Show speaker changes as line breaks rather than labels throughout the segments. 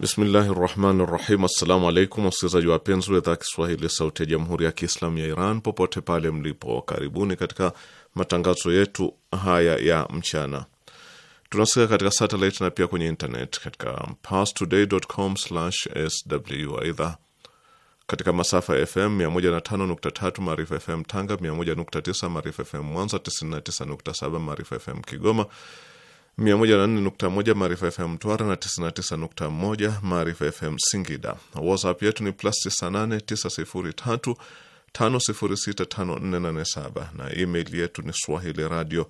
Bismillahi rahmani rahim. Assalamu alaikum wasikilizaji wapenzi wa idhaa ya Kiswahili sauti ya jamhuri ya kiislamu ya Iran popote pale mlipo, karibuni katika matangazo yetu haya ya mchana. Tunasikia katika satelit na pia kwenye internet katika pastodaycom sw Aidha, katika masafa ya FM 105.3 Maarifa FM Tanga, 101.9 Maarifa FM Mwanza, 99.7 Maarifa FM Kigoma 104.1 Maarifa FM Mtwara na 99.1 Maarifa FM Singida. WhatsApp yetu ni plus 98 na email yetu ni swahili radio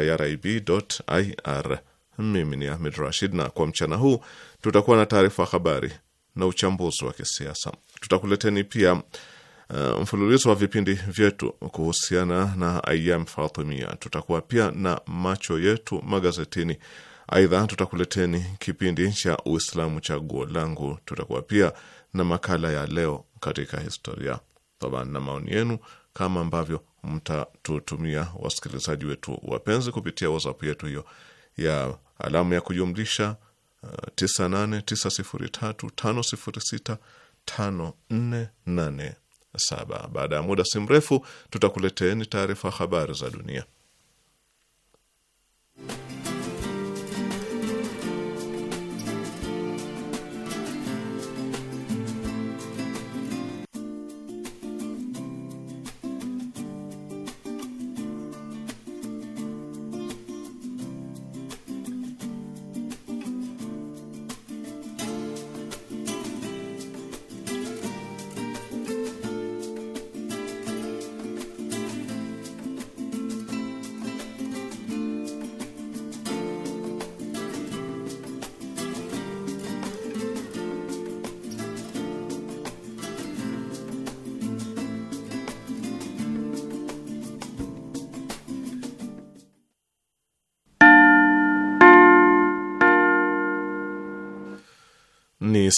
irib.ir. Mimi ni Ahmed Rashid, na kwa mchana huu tutakuwa na taarifa habari na uchambuzi wa kisiasa. Tutakuleteni pia uh, mfululizo wa vipindi vyetu kuhusiana na Ayam Fatimia. Tutakuwa pia na macho yetu magazetini. Aidha, tutakuleteni kipindi cha Uislamu chaguo langu. Tutakuwa pia na makala ya leo katika historia Thabani, na maoni yenu kama ambavyo mtatutumia wasikilizaji wetu wapenzi kupitia WhatsApp yetu hiyo ya alamu ya kujumlisha uh, eh, 989035065487 saba. Baada ya muda si mrefu tutakuleteeni taarifa habari za dunia.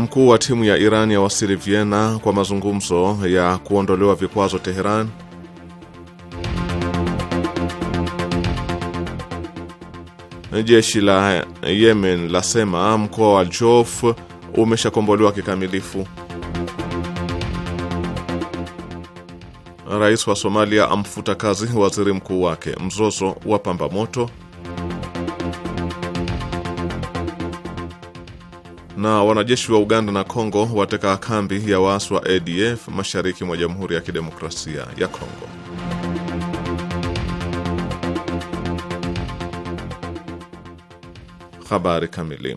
Mkuu wa timu ya Iran ya wasili Vienna kwa mazungumzo ya kuondolewa vikwazo Teheran. Jeshi la Yemen lasema mkoa wa Jof umeshakombolewa kikamilifu. Rais wa Somalia amfuta kazi waziri mkuu wake. Mzozo wa pamba moto. Na wanajeshi wa Uganda na Kongo wateka kambi ya waasi wa ADF mashariki mwa Jamhuri ya Kidemokrasia ya Kongo. Habari kamili.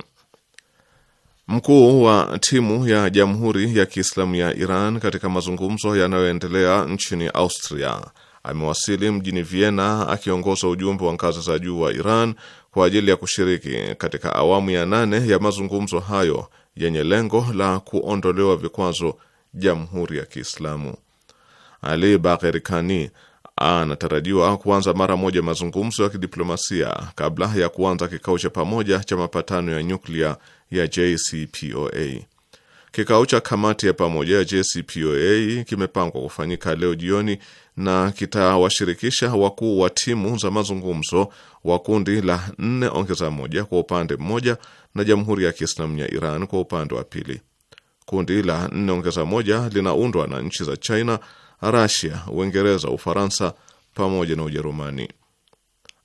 Mkuu wa timu ya Jamhuri ya Kiislamu ya Iran katika mazungumzo yanayoendelea nchini Austria amewasili mjini Vienna akiongoza ujumbe wa ngazi za juu wa Iran kwa ajili ya kushiriki katika awamu ya nane ya mazungumzo hayo yenye lengo la kuondolewa vikwazo Jamhuri ya Kiislamu. Ali Bagheri Kani anatarajiwa kuanza mara moja mazungumzo ya kidiplomasia kabla ya kuanza kikao cha pamoja cha mapatano ya nyuklia ya JCPOA. Kikao cha kamati ya pamoja ya JCPOA kimepangwa kufanyika leo jioni na kitawashirikisha wakuu wa timu za mazungumzo wa kundi la nne ongeza moja kwa upande mmoja na Jamhuri ya Kiislamu ya Iran kwa upande wa pili. Kundi la nne ongeza moja linaundwa na nchi za China, Rasia, Uingereza, Ufaransa pamoja na Ujerumani.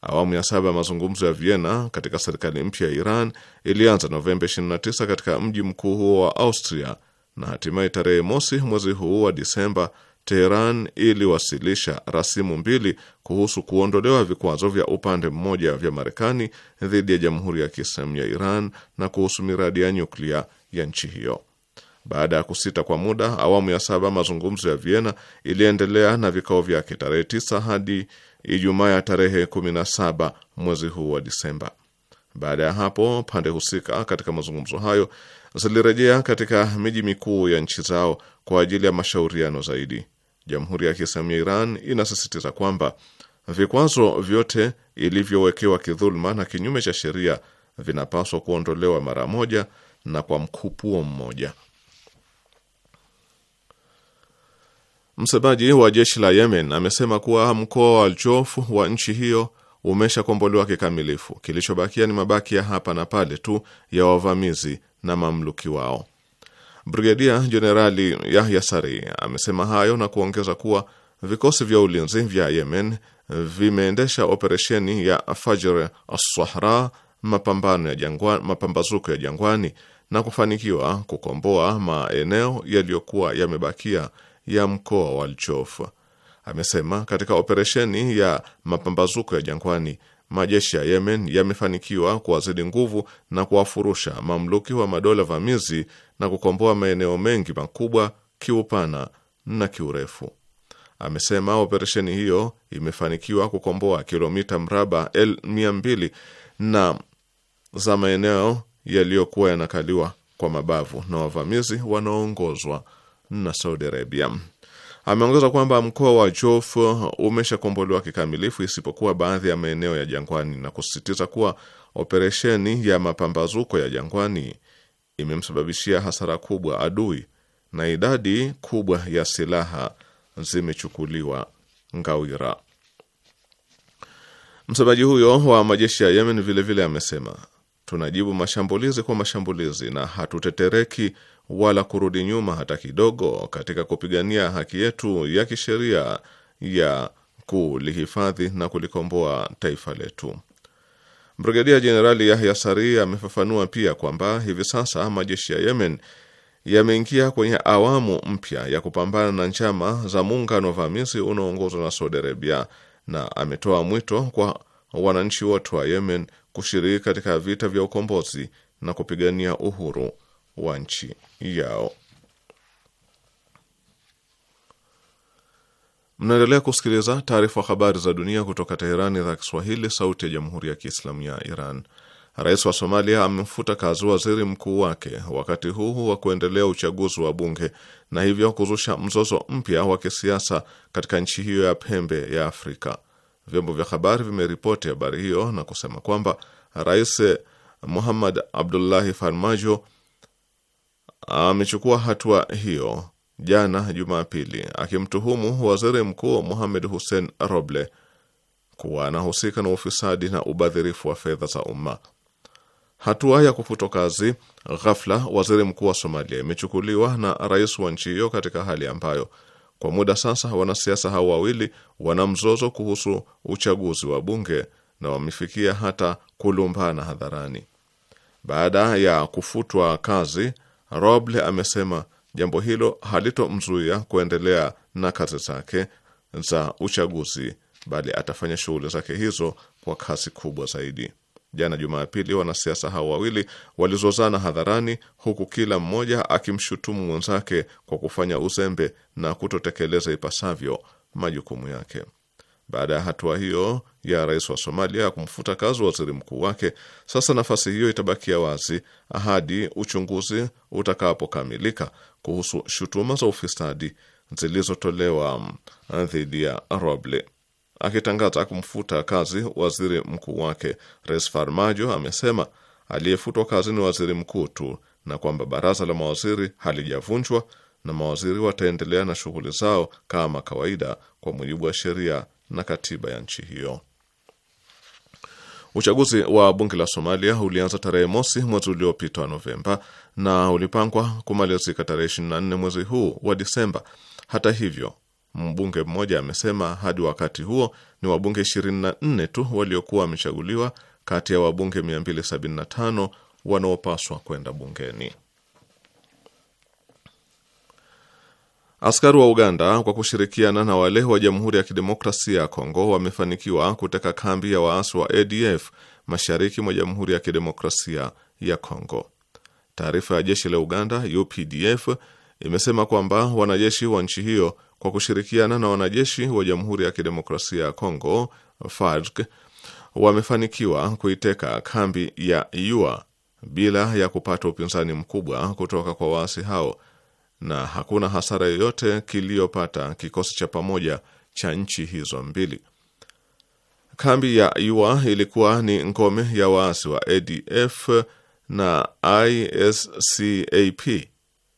Awamu ya saba ya mazungumzo ya Vienna katika serikali mpya ya Iran ilianza Novemba 29 katika mji mkuu huo wa Austria na hatimaye tarehe mosi mwezi huu wa Disemba Teheran iliwasilisha rasimu mbili kuhusu kuondolewa vikwazo vya upande mmoja vya Marekani dhidi ya Jamhuri ya Kiislamu ya Iran na kuhusu miradi ya nyuklia ya nchi hiyo. Baada ya kusita kwa muda, awamu ya saba mazungumzo ya Vienna iliendelea na vikao vyake tarehe 9 hadi Ijumaa ya tarehe 17 mwezi huu wa Disemba. Baada ya hapo, pande husika katika mazungumzo hayo zilirejea katika miji mikuu ya nchi zao kwa ajili ya mashauriano zaidi. Jamhuri ya Kiislamu ya Iran inasisitiza kwamba vikwazo vyote ilivyowekewa kidhuluma na kinyume cha sheria vinapaswa kuondolewa mara moja na kwa mkupuo mmoja. Msemaji wa jeshi la Yemen amesema kuwa mkoa wa Jofu wa nchi hiyo umeshakombolewa kikamilifu. Kilichobakia ni mabaki ya hapa na pale tu ya wavamizi na mamluki wao. Brigedia Jenerali Yahya Sari amesema hayo na kuongeza kuwa vikosi vya ulinzi vya Yemen vimeendesha operesheni ya Fajr Assahra, mapambano ya jangwani, mapambazuko ya jangwani na kufanikiwa kukomboa maeneo yaliyokuwa yamebakia ya mkoa wa al Amesema katika operesheni ya mapambazuko ya jangwani majeshi ya Yemen yamefanikiwa kuwazidi nguvu na kuwafurusha mamluki wa madola vamizi na kukomboa maeneo mengi makubwa kiupana na kiurefu. Amesema operesheni hiyo imefanikiwa kukomboa kilomita mraba mia mbili na za maeneo yaliyokuwa yanakaliwa kwa mabavu na wavamizi wanaoongozwa na Saudi Arabia. Ameongeza kwamba mkoa wa Jof umeshakombolewa kikamilifu isipokuwa baadhi ya maeneo ya jangwani na kusisitiza kuwa operesheni ya mapambazuko ya jangwani imemsababishia hasara kubwa adui na idadi kubwa ya silaha zimechukuliwa Ngawira. Msemaji huyo wa majeshi ya Yemen vilevile vile amesema, tunajibu mashambulizi kwa mashambulizi na hatutetereki wala kurudi nyuma hata kidogo katika kupigania haki yetu ya kisheria ya kulihifadhi na kulikomboa taifa letu. Brigedia Jenerali Yahya Sari amefafanua pia kwamba hivi sasa majeshi ya Yemen yameingia kwenye awamu mpya ya kupambana na njama za muungano vamizi unaoongozwa na Saudi Arabia, na ametoa mwito kwa wananchi wote wa Yemen kushiriki katika vita vya ukombozi na kupigania uhuru wa nchi yao. Mnaendelea kusikiliza taarifa habari za dunia kutoka Teherani, idhaa Kiswahili, sauti ya jamhuri ya kiislamu ya Iran. Rais wa Somalia amemfuta kazi waziri mkuu wake wakati huu wa kuendelea uchaguzi wa bunge na hivyo kuzusha mzozo mpya wa kisiasa katika nchi hiyo ya pembe ya Afrika. Vyombo vya habari vimeripoti habari hiyo na kusema kwamba Rais Muhammad Abdullahi Farmajo amechukua hatua hiyo jana Jumapili, akimtuhumu waziri mkuu Mohamed Hussein Roble kuwa anahusika na ufisadi na ubadhirifu wa fedha za umma. Hatua ya kufutwa kazi ghafla waziri mkuu wa Somalia imechukuliwa na rais wa nchi hiyo katika hali ambayo kwa muda sasa wanasiasa hao wawili wana mzozo kuhusu uchaguzi wa bunge na wamefikia hata kulumbana hadharani. Baada ya kufutwa kazi Roble amesema jambo hilo halitomzuia kuendelea na kazi zake za uchaguzi, bali atafanya shughuli zake hizo kwa kasi kubwa zaidi. Jana Jumapili, wanasiasa hao wawili walizozana hadharani, huku kila mmoja akimshutumu mwenzake kwa kufanya uzembe na kutotekeleza ipasavyo majukumu yake. Baada ya hatua hiyo ya rais wa Somalia kumfuta kazi waziri mkuu wake, sasa nafasi hiyo itabakia wazi hadi uchunguzi utakapokamilika kuhusu shutuma za ufisadi zilizotolewa dhidi ya Roble. Akitangaza kumfuta kazi waziri mkuu wake, Rais Farmajo amesema aliyefutwa kazi ni waziri mkuu tu na kwamba baraza la mawaziri halijavunjwa na mawaziri wataendelea na shughuli zao kama kawaida kwa mujibu wa sheria na katiba ya nchi hiyo. Uchaguzi wa bunge la Somalia ulianza tarehe mosi mwezi uliopita wa Novemba na ulipangwa kumalizika tarehe 24 mwezi huu wa Disemba. Hata hivyo, mbunge mmoja amesema hadi wakati huo ni wabunge 24 tu waliokuwa wamechaguliwa kati ya wabunge 275 wanaopaswa kwenda bungeni. Askari wa Uganda kwa kushirikiana na wale wa Jamhuri ya Kidemokrasia ya Kongo wamefanikiwa kuteka kambi ya waasi wa ADF mashariki mwa Jamhuri ya Kidemokrasia ya Kongo. Taarifa ya jeshi la Uganda UPDF imesema kwamba wanajeshi wa nchi hiyo kwa kushirikiana na wanajeshi wa Jamhuri ya Kidemokrasia ya Kongo FARDC wamefanikiwa kuiteka kambi ya Yua bila ya kupata upinzani mkubwa kutoka kwa waasi hao na hakuna hasara yoyote kiliyopata kikosi cha pamoja cha nchi hizo mbili. Kambi ya Yua ilikuwa ni ngome ya waasi wa ADF na ISCAP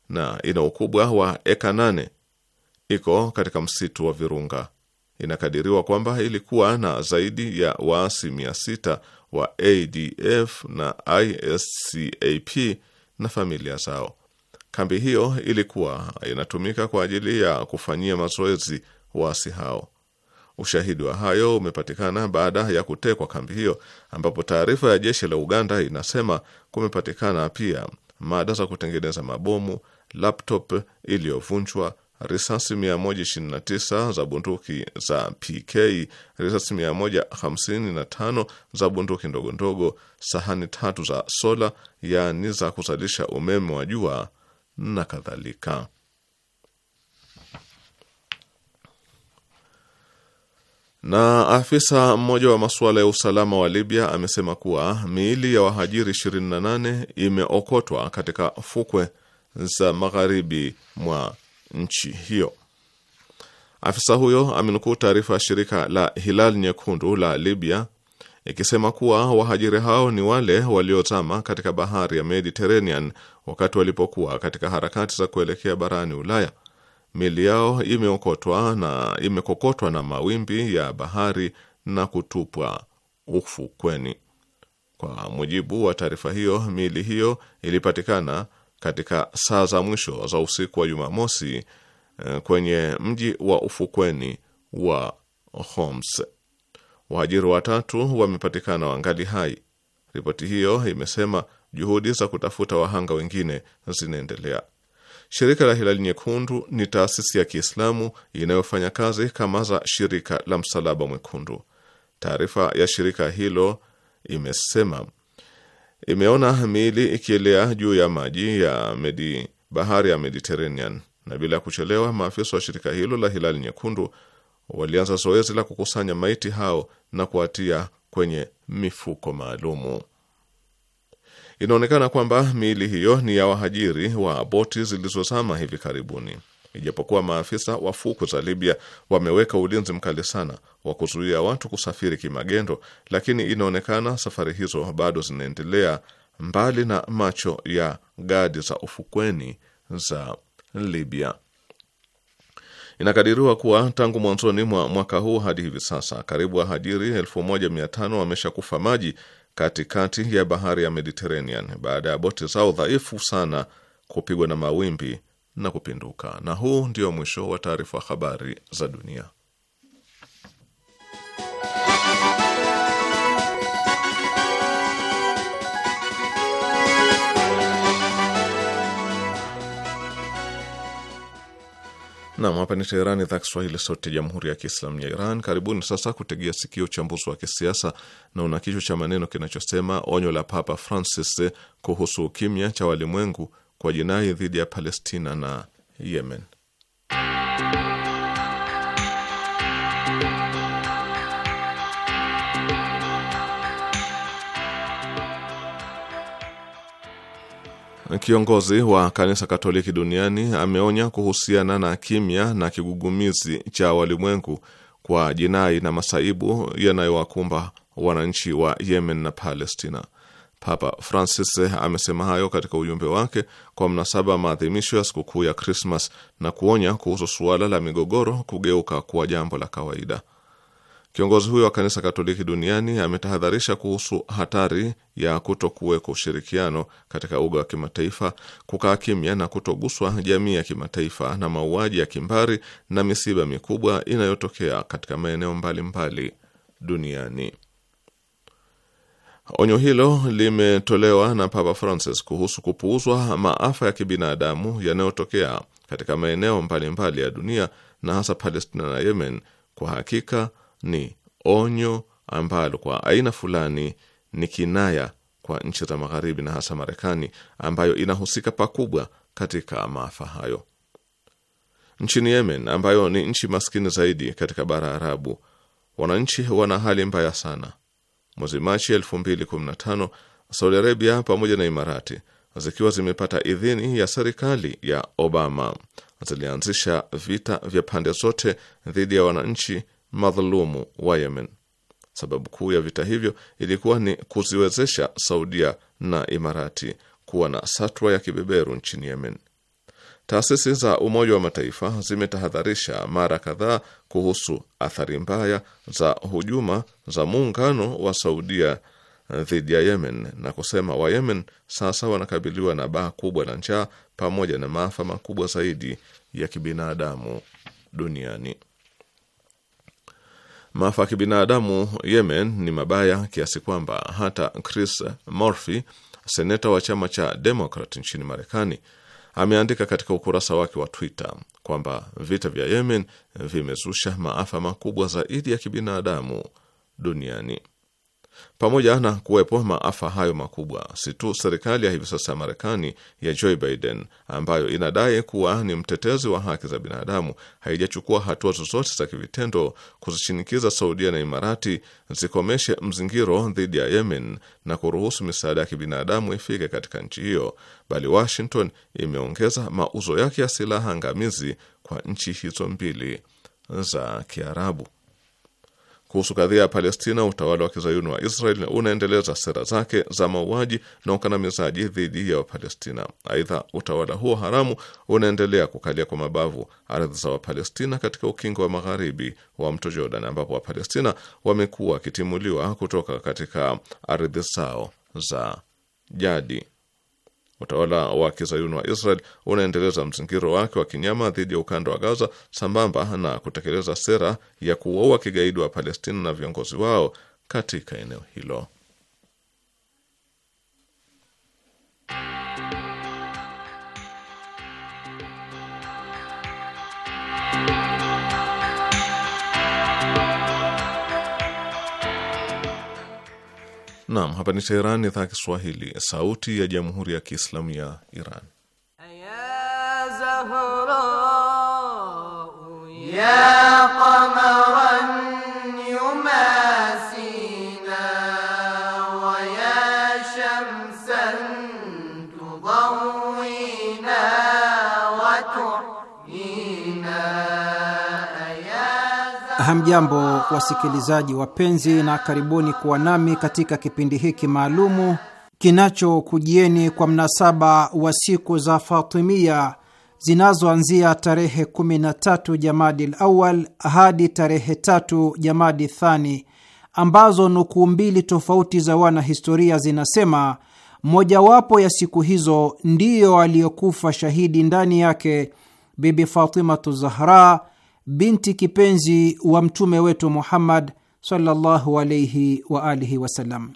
na ina ukubwa wa eka nane. Iko katika msitu wa Virunga. Inakadiriwa kwamba ilikuwa na zaidi ya waasi mia sita wa ADF na ISCAP na familia zao. Kambi hiyo ilikuwa inatumika kwa ajili ya kufanyia mazoezi waasi hao. Ushahidi wa hayo umepatikana baada ya kutekwa kambi hiyo, ambapo taarifa ya jeshi la Uganda inasema kumepatikana pia mada za kutengeneza mabomu, laptop iliyovunjwa, risasi 129 za bunduki za PK, risasi 155 za bunduki ndogondogo sahani tatu za sola, yaani za kuzalisha umeme wa jua na kadhalika. Na afisa mmoja wa masuala ya usalama wa Libya amesema kuwa miili ya wahajiri 28 imeokotwa katika fukwe za magharibi mwa nchi hiyo. Afisa huyo amenukuu taarifa ya shirika la Hilal Nyekundu la Libya ikisema kuwa wahajiri hao ni wale waliotama katika bahari ya Mediterranean wakati walipokuwa katika harakati za kuelekea barani Ulaya. Mili yao imeokotwa na imekokotwa na mawimbi ya bahari na kutupwa ufukweni. Kwa mujibu wa taarifa hiyo, mili hiyo ilipatikana katika saa za mwisho za usiku wa Jumamosi eh, kwenye mji wa ufukweni wa Homs. Wahajiri watatu wamepatikana wangali hai. Ripoti hiyo imesema juhudi za kutafuta wahanga wengine zinaendelea. Shirika la Hilali Nyekundu ni taasisi ya Kiislamu inayofanya kazi kama za shirika la Msalaba Mwekundu. Taarifa ya shirika hilo imesema imeona miili ikielea juu ya maji ya medi bahari ya Mediterranean, na bila kuchelewa maafisa wa shirika hilo la Hilali Nyekundu walianza zoezi la kukusanya maiti hao na kuwatia kwenye mifuko maalumu. Inaonekana kwamba miili hiyo ni ya wahajiri wa boti zilizozama hivi karibuni. Ijapokuwa maafisa wa fuku za Libya wameweka ulinzi mkali sana wa kuzuia watu kusafiri kimagendo, lakini inaonekana safari hizo bado zinaendelea mbali na macho ya gadi za ufukweni za Libya. Inakadiriwa kuwa tangu mwanzoni mwa mwaka huu hadi hivi sasa karibu wahajiri 1500 wameshakufa maji katikati ya bahari ya Mediterranean baada ya boti zao dhaifu sana kupigwa na mawimbi na kupinduka. Na huu ndio mwisho wa taarifa habari za dunia. Nam, hapa ni Teherani, idhaa Kiswahili, sauti ya jamhuri ya kiislamu ya Iran. Karibuni sasa kutegea sikio uchambuzi wa kisiasa na una kichwa cha maneno kinachosema onyo la Papa Francis kuhusu kimya cha walimwengu kwa jinai dhidi ya Palestina na Yemen. Kiongozi wa kanisa Katoliki duniani ameonya kuhusiana na kimya na kigugumizi cha walimwengu kwa jinai na masaibu yanayowakumba wananchi wa Yemen na Palestina. Papa Francis amesema hayo katika ujumbe wake kwa mnasaba maadhimisho ya sikukuu ya Krismas na kuonya kuhusu suala la migogoro kugeuka kuwa jambo la kawaida. Kiongozi huyo wa kanisa Katoliki duniani ametahadharisha kuhusu hatari ya kutokuweka ushirikiano katika uga wa kimataifa, kukaa kimya na kutoguswa jamii ya kimataifa na mauaji ya kimbari na misiba mikubwa inayotokea katika maeneo mbalimbali duniani. Onyo hilo limetolewa na Papa Francis kuhusu kupuuzwa maafa ya kibinadamu yanayotokea katika maeneo mbalimbali ya dunia na hasa Palestina na Yemen. Kwa hakika ni onyo ambalo kwa aina fulani ni kinaya kwa nchi za Magharibi na hasa Marekani ambayo inahusika pakubwa katika maafa hayo. Nchini Yemen ambayo ni nchi maskini zaidi katika bara Arabu, wananchi wana hali mbaya sana. Mwezi Machi 2015 Saudi Arabia pamoja na Imarati zikiwa zimepata idhini ya serikali ya Obama zilianzisha vita vya pande zote dhidi ya wananchi madhulumu wa Yemen. Sababu kuu ya vita hivyo ilikuwa ni kuziwezesha Saudia na Imarati kuwa na satwa ya kibeberu nchini Yemen. Taasisi za Umoja wa Mataifa zimetahadharisha mara kadhaa kuhusu athari mbaya za hujuma za muungano wa Saudia dhidi ya Yemen na kusema Wayemen sasa wanakabiliwa na baa kubwa la njaa pamoja na maafa makubwa zaidi ya kibinadamu duniani. Maafa ya kibinadamu Yemen ni mabaya kiasi kwamba hata Chris Murphy, seneta wa chama cha Demokrat nchini Marekani, ameandika katika ukurasa wake wa Twitter kwamba vita vya Yemen vimezusha maafa makubwa zaidi ya kibinadamu duniani. Pamoja na kuwepo maafa hayo makubwa, si tu serikali ya hivi sasa ya Marekani ya Joe Biden ambayo inadai kuwa ni mtetezi wa haki za binadamu haijachukua hatua zozote za kivitendo kuzishinikiza Saudia na Imarati zikomeshe mzingiro dhidi ya Yemen na kuruhusu misaada ya kibinadamu ifike katika nchi hiyo, bali Washington imeongeza mauzo yake ya silaha angamizi kwa nchi hizo mbili za Kiarabu kuhusu kadhia ya Palestina, utawala wa kizayuni wa Israel unaendeleza sera zake za mauaji na ukandamizaji dhidi ya Wapalestina. Aidha, utawala huo haramu unaendelea kukalia kwa mabavu ardhi za Wapalestina katika ukingo wa magharibi wa mto Jordan, ambapo Wapalestina wamekuwa wakitimuliwa kutoka katika ardhi zao za jadi. Utawala wa kizayuni wa Israel unaendeleza mzingiro wake wa kinyama dhidi ya ukanda wa Gaza sambamba na kutekeleza sera ya kuwaua kigaidi wa Palestina na viongozi wao katika eneo hilo. Naam, hapa ni Teherani, idhaa Kiswahili, sauti ya jamhuri ya kiislamu ya Iran.
Ya Zahra,
ya qamaran Inna
Hamjambo, wasikilizaji wapenzi, na karibuni kuwa nami katika kipindi hiki maalumu kinachokujieni kwa mnasaba wa siku za Fatimia zinazoanzia tarehe 13 Jamadil Lawal hadi tarehe tatu Jamadi Thani, ambazo nukuu mbili tofauti za wanahistoria zinasema mojawapo ya siku hizo ndiyo aliyokufa shahidi ndani yake Bibi Fatimatu Zahra binti kipenzi wa mtume wetu Muhammad sallallahu wa alihi wasallam.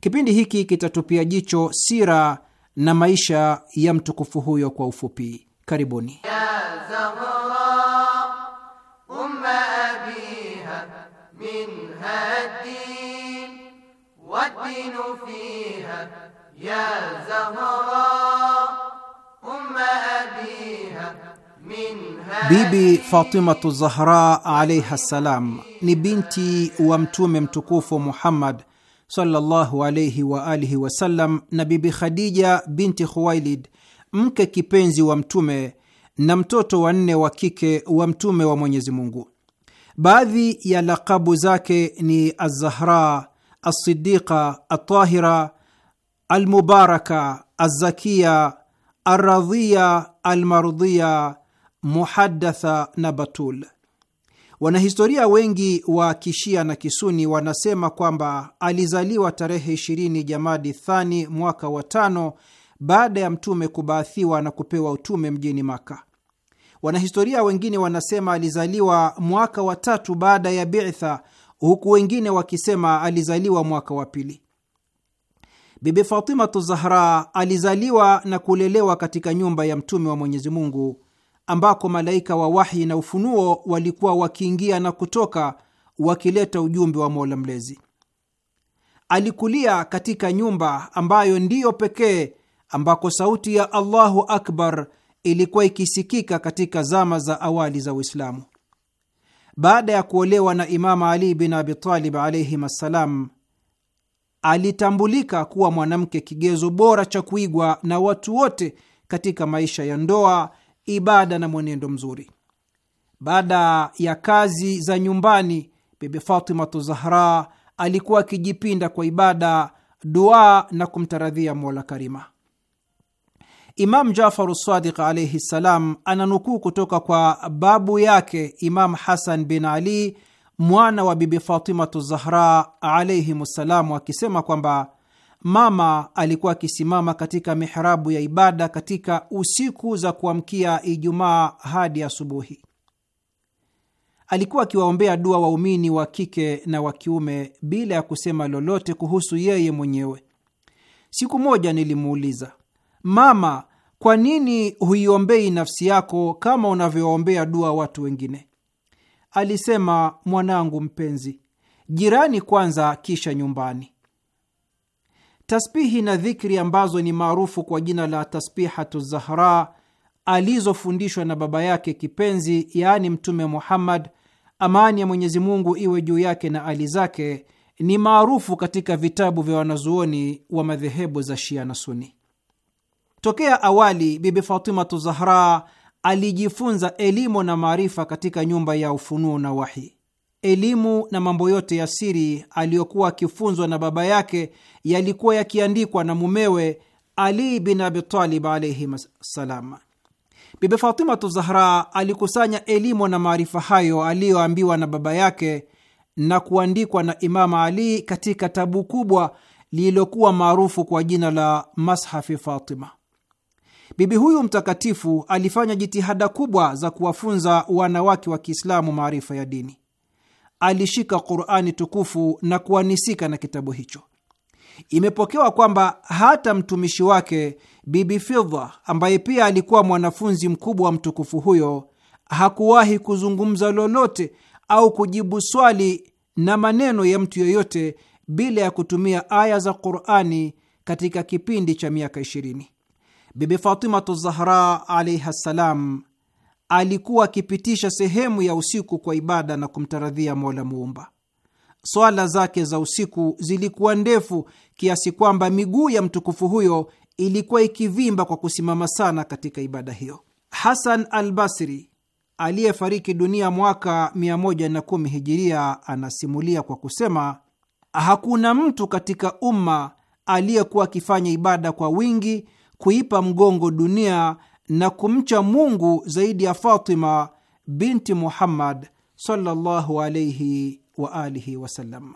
Kipindi hiki kitatupia jicho sira na maisha ya mtukufu huyo kwa ufupi. Karibuni.
Ya umma abiha
Bibi Fatimatu Zahra alaiha ssalam ni binti wa Mtume mtukufu Muhammad sallallahu alaihi wa alihi wasallam na Bibi Khadija binti Khuwailid, mke kipenzi wa Mtume na mtoto wa nne wa kike wa Mtume wa Mwenyezi Mungu. Baadhi ya lakabu zake ni Azahra, Alsidiqa, Altahira, Almubaraka, Alzakiya, Alradhiya, Almardhiya, muhadatha na batul. Wanahistoria wengi wa kishia na kisuni wanasema kwamba alizaliwa tarehe 20 Jamadi Thani mwaka wa tano baada ya mtume kubaathiwa na kupewa utume mjini Maka. Wanahistoria wengine wanasema alizaliwa mwaka wa tatu baada ya bitha, huku wengine wakisema alizaliwa mwaka wa pili. Bibi Fatimatu Zahra alizaliwa na kulelewa katika nyumba ya mtume wa Mwenyezi Mungu ambako malaika wa wahi na ufunuo walikuwa wakiingia na kutoka wakileta ujumbe wa Mola Mlezi. Alikulia katika nyumba ambayo ndiyo pekee ambako sauti ya Allahu akbar ilikuwa ikisikika katika zama za awali za Uislamu. Baada ya kuolewa na imamu Ali bin Abitalib alaihim assalam, alitambulika kuwa mwanamke kigezo bora cha kuigwa na watu wote katika maisha ya ndoa ibada na mwenendo mzuri. Baada ya kazi za nyumbani, Bibi Fatimatu Zahra alikuwa akijipinda kwa ibada, dua na kumtaradhia Mola Karima. Imam Jafaru Sadiq alaihi ssalam ananukuu kutoka kwa babu yake Imam Hasan bin Ali mwana wa Bibi Fatimatu Zahra alaihim ssalamu akisema kwamba mama alikuwa akisimama katika mihrabu ya ibada katika usiku za kuamkia Ijumaa hadi asubuhi. Alikuwa akiwaombea dua waumini wa kike na wa kiume bila ya kusema lolote kuhusu yeye mwenyewe. Siku moja nilimuuliza, mama, kwa nini huiombei nafsi yako kama unavyowaombea dua watu wengine? Alisema, mwanangu mpenzi, jirani kwanza, kisha nyumbani. Tasbihi na dhikri ambazo ni maarufu kwa jina la tasbihatu Zahra alizofundishwa na baba yake kipenzi, yaani Mtume Muhammad, amani ya Mwenyezi Mungu iwe juu yake na ali zake, ni maarufu katika vitabu vya wanazuoni wa madhehebu za Shia na Suni. Tokea awali, Bibi Fatimatu Zahra alijifunza elimu na maarifa katika nyumba ya ufunuo na wahi elimu na mambo yote ya siri aliyokuwa akifunzwa na baba yake yalikuwa yakiandikwa na mumewe Ali bin Abitalib alaihi salam. Bibi Fatimatu Zahra alikusanya elimu na maarifa hayo aliyoambiwa na baba yake na kuandikwa na Imama Ali katika tabu kubwa lililokuwa maarufu kwa jina la Mashafi Fatima. Bibi huyu mtakatifu alifanya jitihada kubwa za kuwafunza wanawake wa Kiislamu maarifa ya dini alishika Qurani tukufu na kuanisika na kitabu hicho. Imepokewa kwamba hata mtumishi wake Bibi Fidha, ambaye pia alikuwa mwanafunzi mkubwa wa mtukufu huyo, hakuwahi kuzungumza lolote au kujibu swali na maneno ya mtu yoyote bila ya kutumia aya za Qurani katika kipindi cha miaka 20. Bibi Fatimatu Zahra alaihi ssalam alikuwa akipitisha sehemu ya usiku kwa ibada na kumtaradhia Mola Muumba. Swala zake za usiku zilikuwa ndefu kiasi kwamba miguu ya mtukufu huyo ilikuwa ikivimba kwa kusimama sana katika ibada hiyo. Hasan al Basri aliyefariki dunia mwaka 110 Hijiria anasimulia kwa kusema, hakuna mtu katika umma aliyekuwa akifanya ibada kwa wingi, kuipa mgongo dunia na kumcha Mungu zaidi ya Fatima binti Muhammad sallallahu alayhi wa alihi wasallam.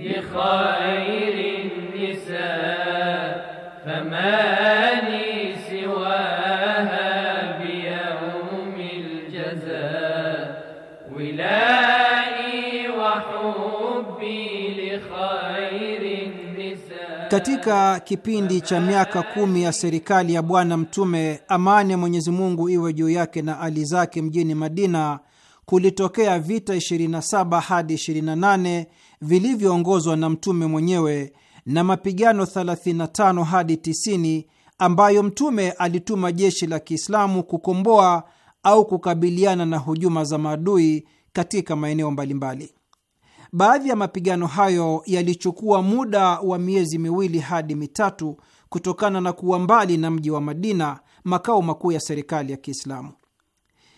لخير النساء
Katika kipindi cha miaka kumi ya serikali ya Bwana Mtume, amani ya Mwenyezi Mungu iwe juu yake na ali zake, mjini Madina kulitokea vita 27 hadi 28 vilivyoongozwa na Mtume mwenyewe na mapigano 35 hadi 90 ambayo Mtume alituma jeshi la Kiislamu kukomboa au kukabiliana na hujuma za maadui katika maeneo mbalimbali. Baadhi ya mapigano hayo yalichukua muda wa miezi miwili hadi mitatu kutokana na kuwa mbali na mji wa Madina, makao makuu ya serikali ya Kiislamu.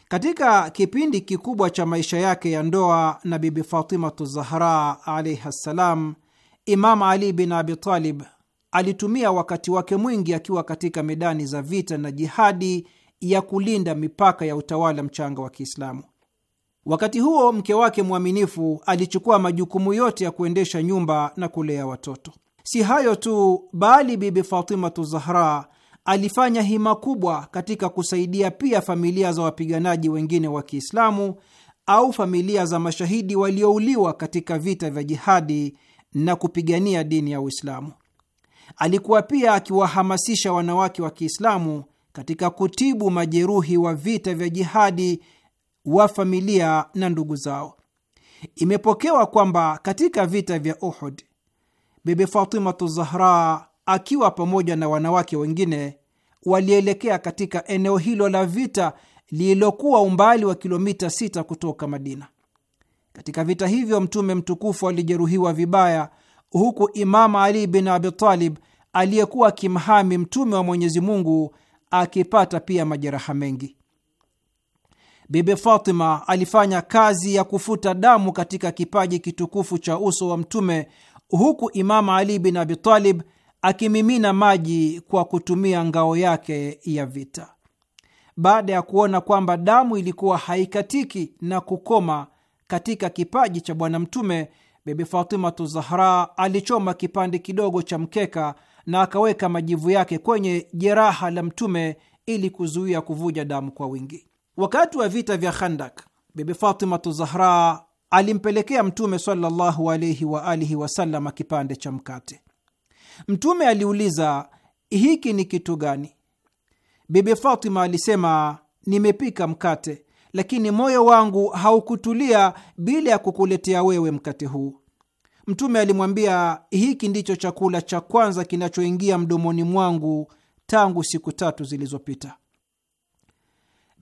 Katika kipindi kikubwa cha maisha yake ya ndoa na Bibi Fatimatu Zahra alaihi ssalam, Imam Ali bin Abitalib alitumia wakati wake mwingi akiwa katika medani za vita na jihadi ya kulinda mipaka ya utawala mchanga wa Kiislamu. Wakati huo mke wake mwaminifu alichukua majukumu yote ya kuendesha nyumba na kulea watoto. Si hayo tu, bali Bibi Fatimatu Zahra alifanya hima kubwa katika kusaidia pia familia za wapiganaji wengine wa Kiislamu au familia za mashahidi waliouliwa katika vita vya jihadi na kupigania dini ya Uislamu. Alikuwa pia akiwahamasisha wanawake wa Kiislamu katika kutibu majeruhi wa vita vya jihadi wa familia na ndugu zao. Imepokewa kwamba katika vita vya Uhud, Bibi Fatimatu Zahra akiwa pamoja na wanawake wengine walielekea katika eneo hilo la vita lililokuwa umbali wa kilomita sita kutoka Madina. Katika vita hivyo Mtume mtukufu alijeruhiwa vibaya, huku imamu Ali bin Abitalib aliyekuwa akimhami Mtume wa Mwenyezi Mungu akipata pia majeraha mengi. Bibi Fatima alifanya kazi ya kufuta damu katika kipaji kitukufu cha uso wa Mtume, huku Imamu Ali bin Abitalib akimimina maji kwa kutumia ngao yake ya vita. Baada ya kuona kwamba damu ilikuwa haikatiki na kukoma katika kipaji cha Bwana Mtume, Bibi Fatimatu Zahra alichoma kipande kidogo cha mkeka na akaweka majivu yake kwenye jeraha la Mtume ili kuzuia kuvuja damu kwa wingi. Wakati wa vita vya Khandak, Bibi Fatimatu Zahra alimpelekea Mtume sallallahu alaihi wa alihi wasalama kipande cha mkate. Mtume aliuliza, hiki ni kitu gani? Bibi Fatima alisema, nimepika mkate, lakini moyo wangu haukutulia bila ya kukuletea wewe mkate huu. Mtume alimwambia, hiki ndicho chakula cha kwanza kinachoingia mdomoni mwangu tangu siku tatu zilizopita.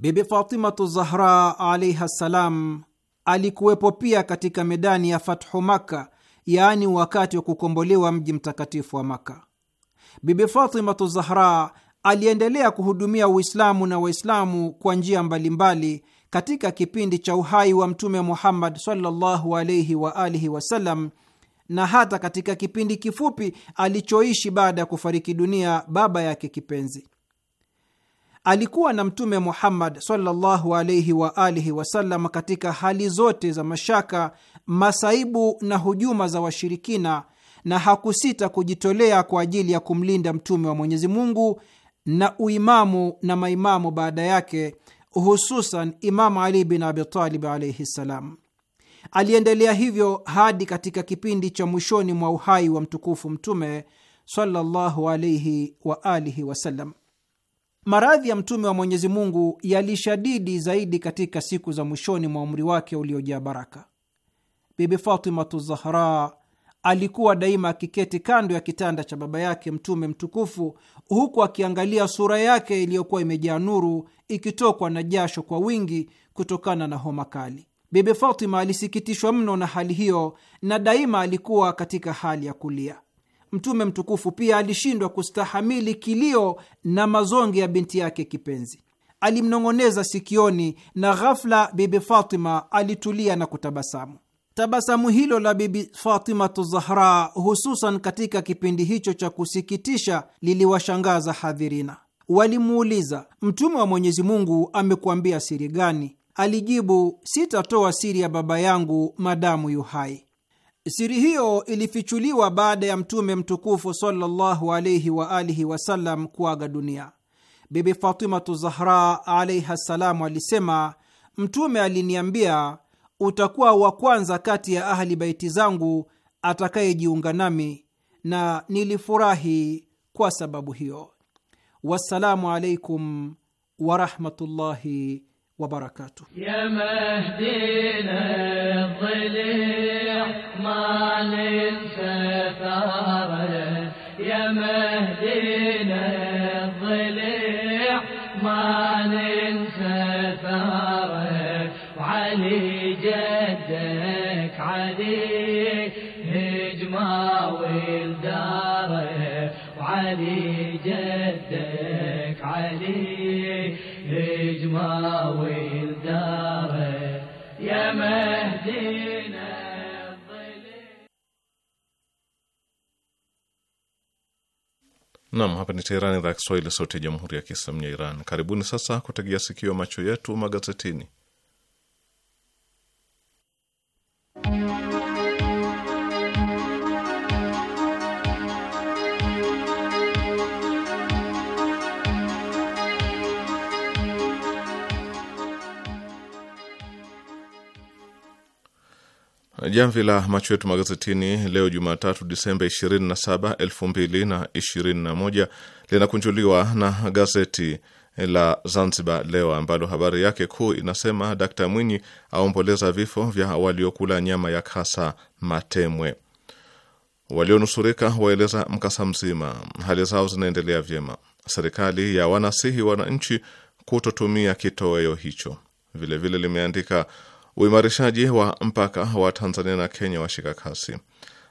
Bibi Fatimatu Zahra alaiha ssalam alikuwepo pia katika medani ya Fathu Makka, yaani wakati wa kukombolewa mji mtakatifu wa Makka. Bibi Fatimatu Zahra aliendelea kuhudumia Uislamu na Waislamu kwa njia mbalimbali katika kipindi cha uhai wa Mtume Muhammad sallallahu alaihi wa alihi wasallam na hata katika kipindi kifupi alichoishi baada ya kufariki dunia baba yake kipenzi alikuwa na Mtume Muhammad sallallahu alaihi wa alihi wasallam katika hali zote za mashaka, masaibu na hujuma za washirikina, na hakusita kujitolea kwa ajili ya kumlinda mtume wa Mwenyezi Mungu na uimamu na maimamu baada yake, hususan Imamu Ali bin Abitalib alaihi ssalam. Aliendelea hivyo hadi katika kipindi cha mwishoni mwa uhai wa mtukufu Mtume sallallahu alaihi wa alihi wasallam. Maradhi ya mtume wa Mwenyezi Mungu yalishadidi zaidi katika siku za mwishoni mwa umri wake uliojaa baraka. Bibi Fatimatu Zahra alikuwa daima akiketi kando ya kitanda cha baba yake mtume mtukufu, huku akiangalia sura yake iliyokuwa imejaa nuru ikitokwa na jasho kwa wingi kutokana na homa kali. Bibi Fatima alisikitishwa mno na hali hiyo, na daima alikuwa katika hali ya kulia. Mtume mtukufu pia alishindwa kustahamili kilio na mazonge ya binti yake kipenzi, alimnong'oneza sikioni, na ghafla Bibi Fatima alitulia na kutabasamu. Tabasamu hilo la Bibi Fatimatu Zahra, hususan katika kipindi hicho cha kusikitisha, liliwashangaza hadhirina. Walimuuliza, Mtume wa Mwenyezi Mungu amekuambia siri gani? Alijibu, sitatoa siri ya baba yangu madamu yuhai. Siri hiyo ilifichuliwa baada ya Mtume mtukufu sallallahu alaihi wa alihi wasallam kuaga dunia. Bibi Fatimatu Zahra alaiha ssalamu alisema, Mtume aliniambia, utakuwa wa kwanza kati ya ahli baiti zangu atakayejiunga nami, na nilifurahi kwa sababu hiyo. Wassalamu alaikum warahmatullahi وبركاته
يا
مهدينا الضليع ما ننسى ثاره يا مهدينا الضليع ما ننسى ثاره وعلي جدك علي هجمة ولداره وعلي جدك علي يا مهدينا
Nam, hapa ni Teherani, idhaa ya Kiswahili, sauti ya jamhuri ya kiislamu ya Iran. Karibuni sasa kutegea sikio, macho yetu magazetini. Jamvi la macho yetu magazetini leo Jumatatu, Disemba 27, 2021 linakunjuliwa na gazeti la Zanzibar Leo ambalo habari yake kuu inasema Dkt Mwinyi aomboleza vifo vya waliokula nyama ya kasa Matemwe. Walionusurika waeleza mkasa mzima, hali zao zinaendelea vyema. Serikali ya wanasihi wananchi kutotumia kitoweo hicho. Vilevile vile limeandika Uimarishaji wa mpaka wa Tanzania na Kenya washika kasi.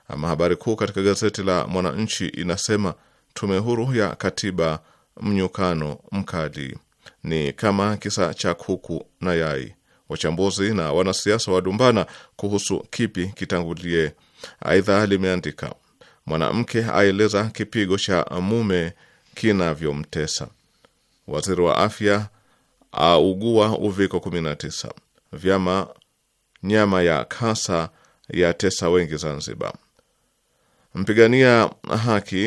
Ama habari kuu katika gazeti la Mwananchi inasema tume huru ya katiba mnyukano mkali ni kama kisa cha kuku na yai. Wachambuzi na wanasiasa wadumbana kuhusu kipi kitangulie. Aidha limeandika mwanamke aeleza kipigo cha mume kinavyomtesa. Waziri wa afya augua uviko 19. Vyama nyama ya kasa ya tesa wengi Zanzibar. Mpigania haki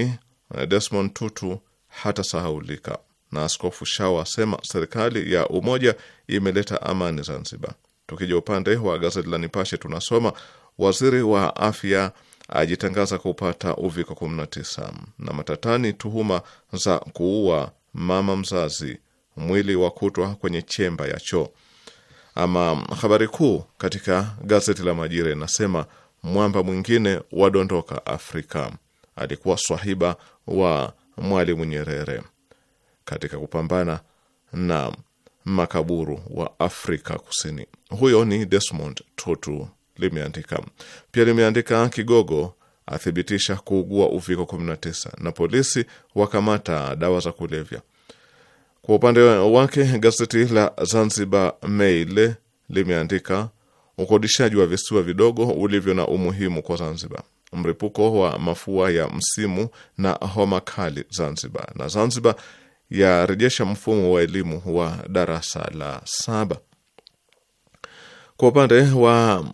eh, Desmond Tutu hata sahaulika, na Askofu Shao asema serikali ya umoja imeleta amani Zanzibar. Tukija upande wa gazeti la Nipashe tunasoma waziri wa afya ajitangaza kupata uviko 19, na matatani tuhuma za kuua mama mzazi, mwili wa kutwa kwenye chemba ya choo. Ama habari kuu katika gazeti la Majira inasema mwamba mwingine wadondoka Afrika, alikuwa swahiba wa Mwalimu Nyerere katika kupambana na makaburu wa Afrika Kusini. Huyo ni Desmond Tutu, limeandika. Pia limeandika kigogo athibitisha kuugua uviko 19 na polisi wakamata dawa za kulevya. Kwa upande wake gazeti la Zanzibar Mail limeandika ukodishaji wa visiwa vidogo ulivyo na umuhimu kwa Zanzibar, mripuko wa mafua ya msimu na homa kali Zanzibar, na Zanzibar yarejesha mfumo wa elimu wa darasa la saba. Kwa upande wa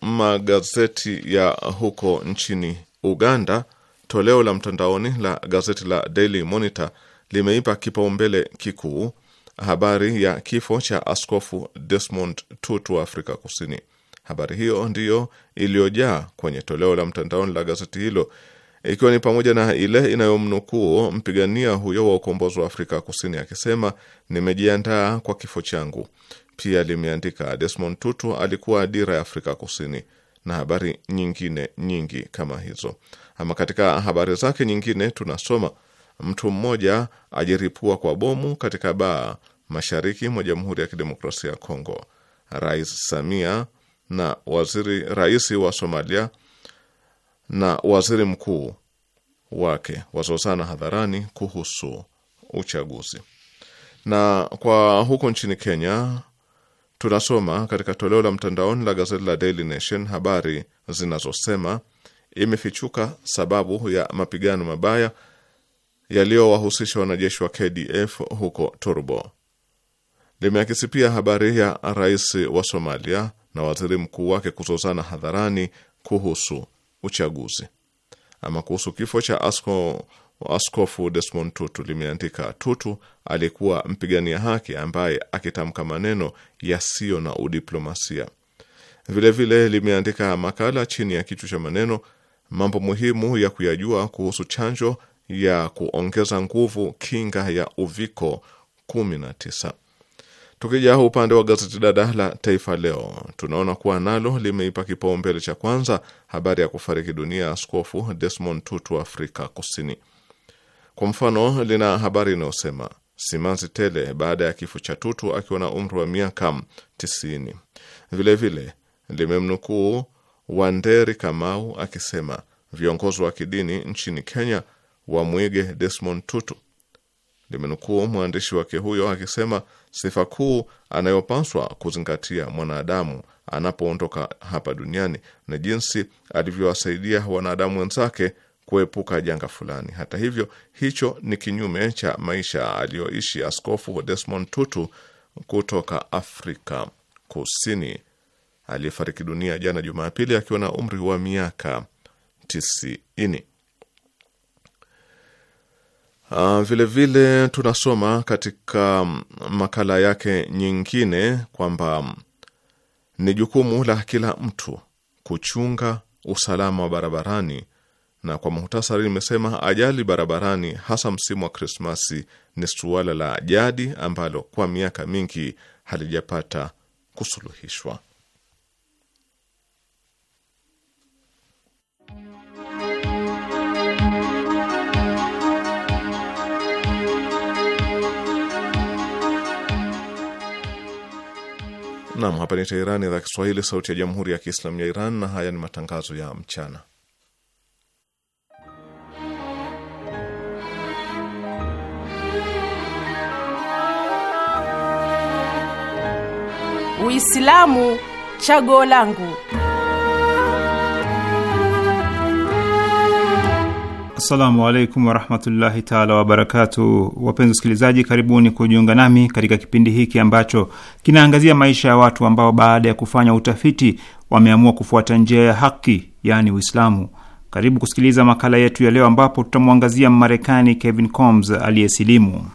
magazeti ya huko nchini Uganda, toleo la mtandaoni la gazeti la Daily Monitor limeipa kipaumbele kikuu habari ya kifo cha Askofu Desmond Tutu wa Afrika Kusini. Habari hiyo ndiyo iliyojaa kwenye toleo la mtandaoni la gazeti hilo ikiwa ni pamoja na ile inayomnukuu mpigania huyo wa ukombozi wa Afrika Kusini akisema nimejiandaa kwa kifo changu. Pia limeandika Desmond Tutu alikuwa dira ya Afrika Kusini na habari nyingine nyingi kama hizo. Ama katika habari zake nyingine tunasoma mtu mmoja ajiripua kwa bomu katika baa mashariki mwa Jamhuri ya Kidemokrasia ya Kongo. Rais Samia na waziri rais wa Somalia na waziri mkuu wake wazozana hadharani kuhusu uchaguzi. Na kwa huko nchini Kenya tunasoma katika toleo la mtandaoni la gazeti la Daily Nation habari zinazosema imefichuka sababu ya mapigano mabaya yaliyowahusisha wanajeshi wa KDF huko Turbo. Limeakisi pia habari ya rais wa Somalia na waziri mkuu wake kuzozana hadharani kuhusu uchaguzi. Ama kuhusu kifo cha asko Askofu Desmond Tutu limeandika, Tutu alikuwa mpigania haki ambaye akitamka maneno yasiyo na udiplomasia. Vilevile limeandika makala chini ya kichwa cha maneno mambo muhimu ya kuyajua kuhusu chanjo ya kuongeza nguvu kinga ya uviko 19. Tukija upande wa gazeti dada la Taifa Leo, tunaona kuwa nalo limeipa kipaumbele cha kwanza habari ya kufariki dunia Askofu Desmond Tutu Afrika Kusini. Kwa mfano, lina habari inayosema simanzi tele baada ya kifo cha Tutu akiwa na umri wa miaka 90. Vilevile limemnukuu Wanderi Kamau akisema viongozi wa kidini nchini Kenya wamwige Desmond Tutu. Limenukuu mwandishi wake huyo akisema sifa kuu anayopaswa kuzingatia mwanadamu anapoondoka hapa duniani na jinsi alivyowasaidia wanadamu wenzake kuepuka janga fulani. Hata hivyo, hicho ni kinyume cha maisha aliyoishi Askofu Desmond Tutu kutoka Afrika Kusini aliyefariki dunia jana Jumapili akiwa na umri wa miaka tisini. Uh, vile vile tunasoma katika makala yake nyingine kwamba ni jukumu la kila mtu kuchunga usalama wa barabarani, na kwa muhtasari nimesema ajali barabarani, hasa msimu wa Krismasi, ni suala la jadi ambalo kwa miaka mingi halijapata kusuluhishwa. Nam, hapa ni Teherani, idhaa Kiswahili, sauti ya jamhuri ya kiislamu ya Iran, na haya ni matangazo ya mchana.
Uislamu
chaguo langu.
Assalamu alaikum warahmatullahi taala wabarakatu. Wapenzi wasikilizaji, karibuni kujiunga nami katika kipindi hiki ambacho kinaangazia maisha ya watu ambao baada ya kufanya utafiti wameamua kufuata njia ya haki, yaani Uislamu. Karibu kusikiliza makala yetu ya leo, ambapo tutamwangazia Mmarekani Kevin Combs aliyesilimu.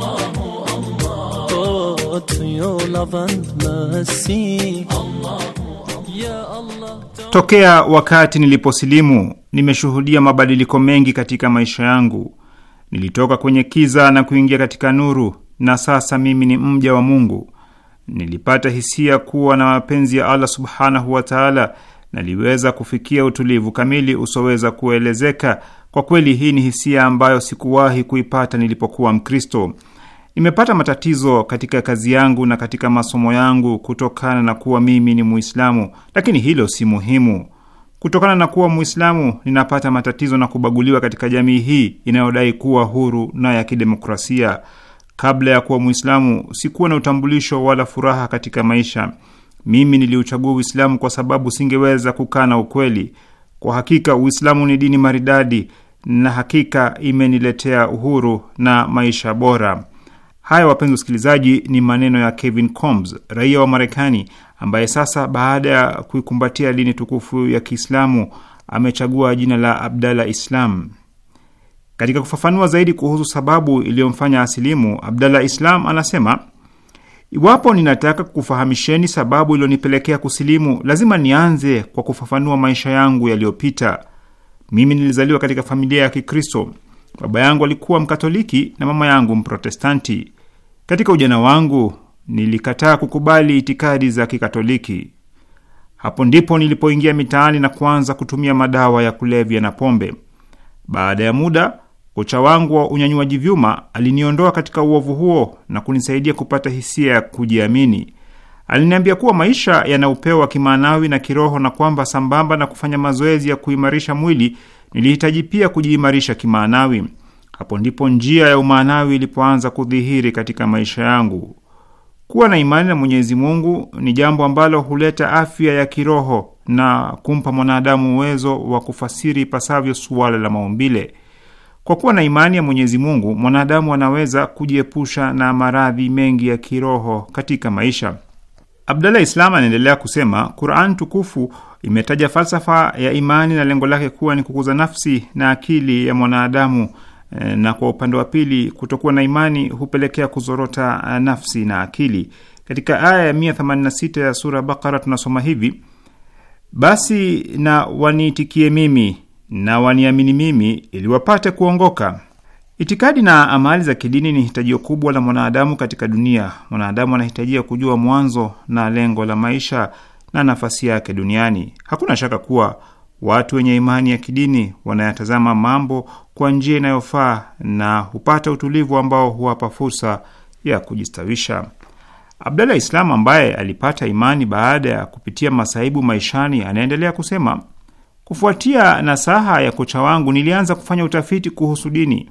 Allah, Tokea wakati niliposilimu nimeshuhudia mabadiliko mengi katika maisha yangu. Nilitoka kwenye kiza na kuingia katika nuru, na sasa mimi ni mja wa Mungu. Nilipata hisia kuwa na mapenzi ya Allah subhanahu wa taala, naliweza kufikia utulivu kamili usoweza kuelezeka. Kwa kweli, hii ni hisia ambayo sikuwahi kuipata nilipokuwa Mkristo. Nimepata matatizo katika kazi yangu na katika masomo yangu kutokana na kuwa mimi ni Muislamu, lakini hilo si muhimu. Kutokana na kuwa Muislamu, ninapata matatizo na kubaguliwa katika jamii hii inayodai kuwa huru na ya kidemokrasia. Kabla ya kuwa Muislamu sikuwa na utambulisho wala furaha katika maisha. Mimi niliuchagua Uislamu kwa sababu singeweza kukaa na ukweli. Kwa hakika Uislamu ni dini maridadi na hakika imeniletea uhuru na maisha bora. Haya wapenzi wasikilizaji, ni maneno ya Kevin Combs, raia wa Marekani ambaye sasa baada ya kuikumbatia dini tukufu ya Kiislamu amechagua jina la abdalah Islam. Katika kufafanua zaidi kuhusu sababu iliyomfanya asilimu, Abdallah Islam anasema Iwapo ninataka kufahamisheni sababu iliyonipelekea kusilimu, lazima nianze kwa kufafanua maisha yangu yaliyopita. Mimi nilizaliwa katika familia ya Kikristo. Baba yangu alikuwa Mkatoliki na mama yangu Mprotestanti. Katika ujana wangu nilikataa kukubali itikadi za Kikatoliki. Hapo ndipo nilipoingia mitaani na kuanza kutumia madawa ya kulevya na pombe. Baada ya muda, kocha wangu wa unyanyuaji vyuma aliniondoa katika uovu huo na kunisaidia kupata hisia ya kujiamini. Aliniambia kuwa maisha yana upeo wa kimaanawi na kiroho, na kwamba sambamba na kufanya mazoezi ya kuimarisha mwili, nilihitaji pia kujiimarisha kimaanawi. Hapo ndipo njia ya umaanawi ilipoanza kudhihiri katika maisha yangu. Kuwa na imani na Mwenyezi Mungu ni jambo ambalo huleta afya ya kiroho na kumpa mwanadamu uwezo wa kufasiri ipasavyo suala la maumbile. Kwa kuwa na imani ya Mwenyezi Mungu, mwanadamu anaweza kujiepusha na maradhi mengi ya kiroho katika maisha. Abdallah Islam anaendelea kusema, Quran tukufu imetaja falsafa ya imani na lengo lake kuwa ni kukuza nafsi na akili ya mwanadamu Eh, na kwa upande wa pili kutokuwa na imani hupelekea kuzorota eh, nafsi na akili. Katika aya ya 186 ya sura Bakara tunasoma hivi: basi na waniitikie mimi na waniamini mimi ili wapate kuongoka. Itikadi na amali za kidini ni hitajio kubwa la mwanadamu katika dunia. Mwanadamu anahitajia kujua mwanzo na lengo la maisha na nafasi yake duniani. Hakuna shaka kuwa Watu wenye imani ya kidini wanayatazama mambo kwa njia inayofaa na hupata utulivu ambao huwapa fursa ya kujistawisha. Abdallah Islam ambaye alipata imani baada ya kupitia masaibu maishani, anaendelea kusema, kufuatia nasaha ya kocha wangu nilianza kufanya utafiti kuhusu dini.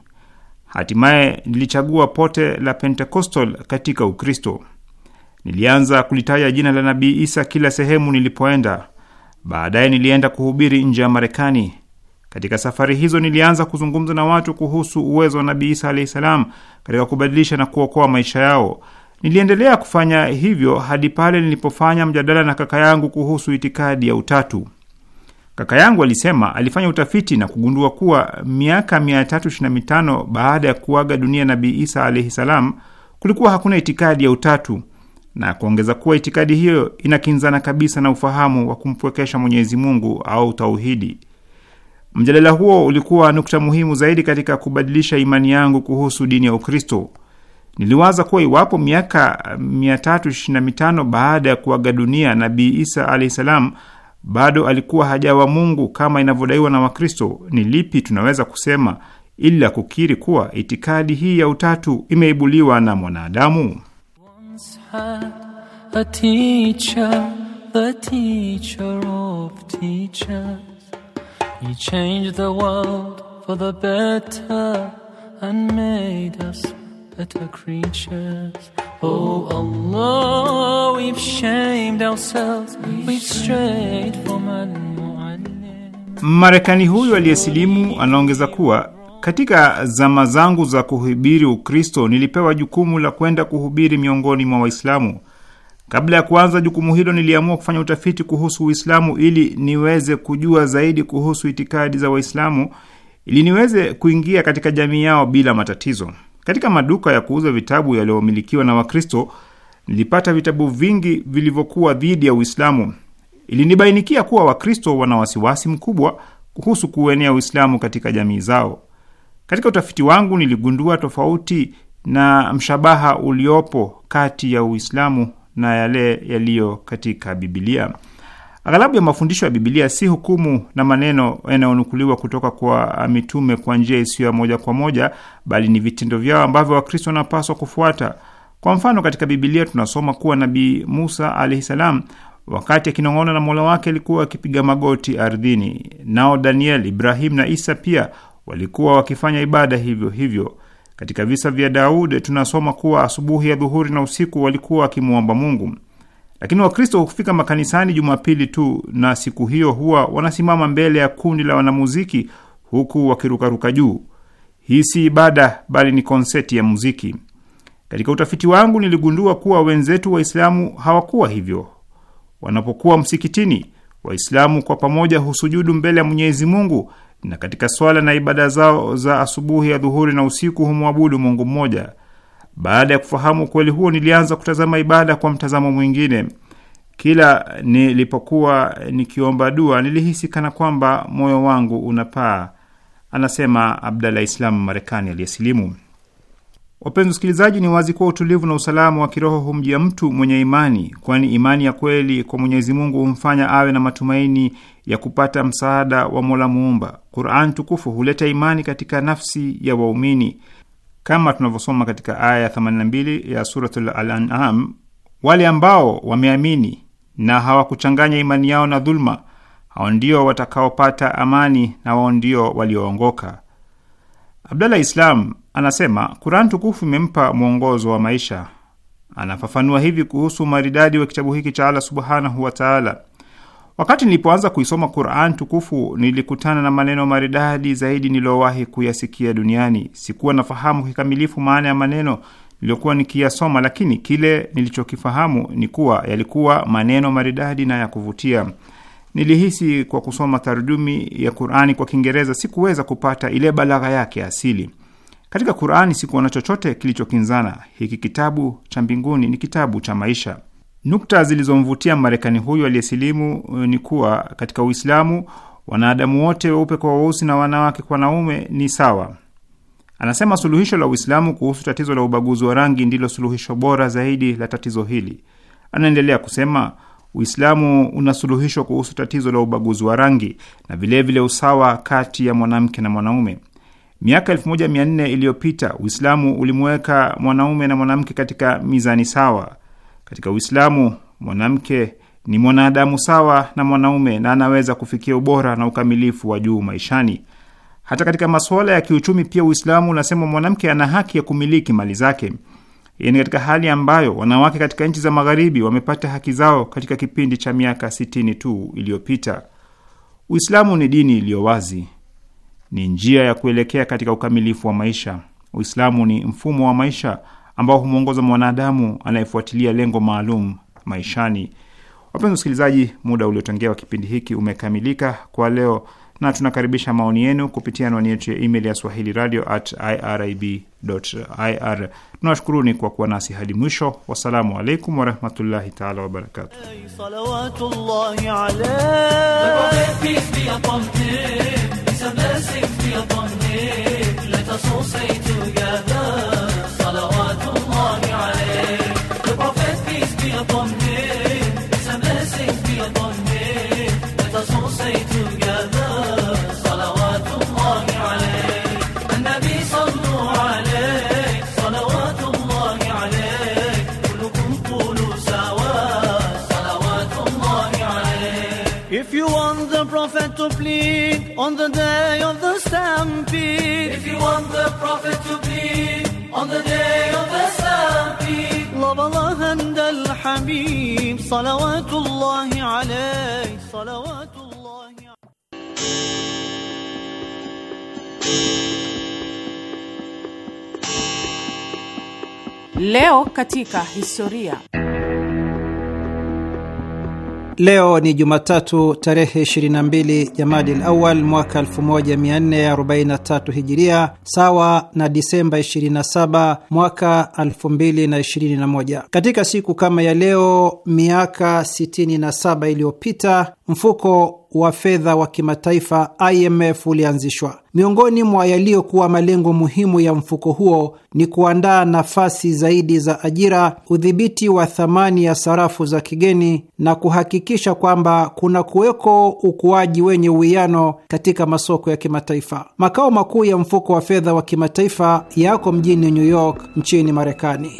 Hatimaye nilichagua pote la Pentecostal katika Ukristo. Nilianza kulitaja jina la Nabii Isa kila sehemu nilipoenda. Baadaye nilienda kuhubiri nje ya Marekani. Katika safari hizo nilianza kuzungumza na watu kuhusu uwezo wa Nabii Isa alahi salam katika kubadilisha na kuokoa maisha yao. Niliendelea kufanya hivyo hadi pale nilipofanya mjadala na kaka yangu kuhusu itikadi ya utatu. Kaka yangu alisema alifanya utafiti na kugundua kuwa miaka 325 baada ya kuaga dunia Nabii Isa alahi salam kulikuwa hakuna itikadi ya utatu na kuongeza kuwa itikadi hiyo inakinzana kabisa na ufahamu wa kumpwekesha Mwenyezi Mungu au tauhidi. Mjadala huo ulikuwa nukta muhimu zaidi katika kubadilisha imani yangu kuhusu dini ya Ukristo. Niliwaza kuwa iwapo miaka 325 baada ya kuaga dunia Nabii Isa alahi salam bado alikuwa hajawa Mungu kama inavyodaiwa na Wakristo, ni lipi tunaweza kusema ila kukiri kuwa itikadi hii ya utatu imeibuliwa na mwanadamu?
had a teacher, the teacher of teachers. He changed the world for the better and made us better creatures. Oh Allah, we've shamed ourselves, we've strayed from an
Marekani huyu aliyesilimu anaongeza kuwa katika zama zangu za kuhubiri Ukristo nilipewa jukumu la kwenda kuhubiri miongoni mwa Waislamu. Kabla ya kuanza jukumu hilo, niliamua kufanya utafiti kuhusu Uislamu ili niweze kujua zaidi kuhusu itikadi za Waislamu ili niweze kuingia katika jamii yao bila matatizo. Katika maduka ya kuuza vitabu yaliyomilikiwa na Wakristo nilipata vitabu vingi vilivyokuwa dhidi ya Uislamu. Ilinibainikia kuwa Wakristo wana wasiwasi mkubwa kuhusu kuuenea Uislamu katika jamii zao. Katika utafiti wangu niligundua tofauti na mshabaha uliopo kati ya Uislamu na yale yaliyo katika Bibilia. Aghalabu ya mafundisho ya Bibilia si hukumu na maneno yanayonukuliwa kutoka kwa mitume kwa njia isiyo ya moja kwa moja, bali ni vitendo vyao ambavyo Wakristo wanapaswa kufuata. Kwa mfano, katika Bibilia tunasoma kuwa Nabii Musa alaihi salam wakati akinong'ona na Mola wake alikuwa akipiga magoti ardhini. Nao Daniel, Ibrahim na Isa pia walikuwa wakifanya ibada hivyo hivyo. Katika visa vya daudi tunasoma kuwa asubuhi ya dhuhuri na usiku walikuwa wakimwomba Mungu. Lakini Wakristo hufika makanisani Jumapili tu, na siku hiyo huwa wanasimama mbele ya kundi la wanamuziki huku wakirukaruka juu. Hii si ibada, bali ni konseti ya muziki. Katika utafiti wangu niligundua kuwa wenzetu Waislamu hawakuwa hivyo. Wanapokuwa msikitini, Waislamu kwa pamoja husujudu mbele ya Mwenyezi Mungu na katika swala na ibada zao za asubuhi, ya dhuhuri na usiku humwabudu Mungu mmoja. Baada ya kufahamu ukweli huo, nilianza kutazama ibada kwa mtazamo mwingine. Kila nilipokuwa nikiomba dua, nilihisi kana kwamba moyo wangu unapaa, anasema Abdallah Islam Marekani aliyesilimu. Wapenzi wasikilizaji, ni wazi kuwa utulivu na usalama wa kiroho humjia mtu mwenye imani, kwani imani ya kweli kwa Mwenyezi Mungu humfanya awe na matumaini ya kupata msaada wa Mola Muumba. Quran tukufu huleta imani katika nafsi ya waumini kama tunavyosoma katika aya ya 82 ya Suratul Al-An'am, wale ambao wameamini na hawakuchanganya imani yao na dhuluma, hao ndio watakaopata amani na wao ndio walioongoka. Abdallah Islam anasema Quran tukufu imempa mwongozo wa maisha. Anafafanua hivi kuhusu maridadi wa kitabu hiki cha Allah subhanahu wa taala: wakati nilipoanza kuisoma Quran tukufu nilikutana na maneno maridadi zaidi niliyowahi kuyasikia duniani. Sikuwa nafahamu kikamilifu maana ya maneno niliyokuwa nikiyasoma, lakini kile nilichokifahamu ni kuwa yalikuwa maneno maridadi na ya kuvutia. Nilihisi kwa kusoma tarjumi ya Qurani kwa Kiingereza sikuweza kupata ile balagha yake asili. Katika Qurani sikuona chochote kilichokinzana. Hiki kitabu cha mbinguni ni kitabu cha maisha. Nukta zilizomvutia Marekani huyu aliyesilimu uh, ni kuwa katika Uislamu wanadamu wote weupe kwa weusi na wanawake kwa wanaume ni sawa. Anasema suluhisho la Uislamu kuhusu tatizo la ubaguzi wa rangi ndilo suluhisho bora zaidi la tatizo hili. Anaendelea kusema Uislamu una suluhisho kuhusu tatizo la ubaguzi wa rangi na vilevile vile usawa kati ya mwanamke na mwanaume. Miaka 1400 iliyopita Uislamu ulimweka mwanaume na mwanamke katika mizani sawa. Katika Uislamu mwanamke ni mwanadamu sawa na mwanaume na anaweza kufikia ubora na ukamilifu wa juu maishani. Hata katika masuala ya kiuchumi pia Uislamu unasema mwanamke ana haki ya kumiliki mali zake ni katika hali ambayo wanawake katika nchi za magharibi wamepata haki zao katika kipindi cha miaka sitini tu iliyopita. Uislamu ni dini iliyo wazi, ni njia ya kuelekea katika ukamilifu wa maisha. Uislamu ni mfumo wa maisha ambao humwongoza mwanadamu anayefuatilia lengo maalum maishani. Wapenzi wasikilizaji, muda uliotengewa kipindi hiki umekamilika kwa leo na tunakaribisha maoni yenu kupitia anwani yetu ya email ya swahili radio at irib.ir. Tunawashukuruni kwa kuwa nasi hadi mwisho. Wassalamu alaikum warahmatullahi taala wabarakatu.
on the day of the stampede. If you want the
prophet to be on the day of the
stampede. Love Allah and Al صلوات الله عليه
صلوات الله
Leo katika historia.
Leo ni Jumatatu tarehe 22 Jamadil Awal mwaka 1443 Hijiria, sawa na Disemba 27 mwaka 2021. Katika siku kama ya leo miaka 67 iliyopita mfuko wa fedha wa kimataifa IMF ulianzishwa. Miongoni mwa yaliyokuwa malengo muhimu ya mfuko huo ni kuandaa nafasi zaidi za ajira, udhibiti wa thamani ya sarafu za kigeni na kuhakikisha kwamba kuna kuweko ukuaji wenye uwiano katika masoko ya kimataifa. Makao makuu ya mfuko wa fedha wa kimataifa yako mjini New York nchini Marekani.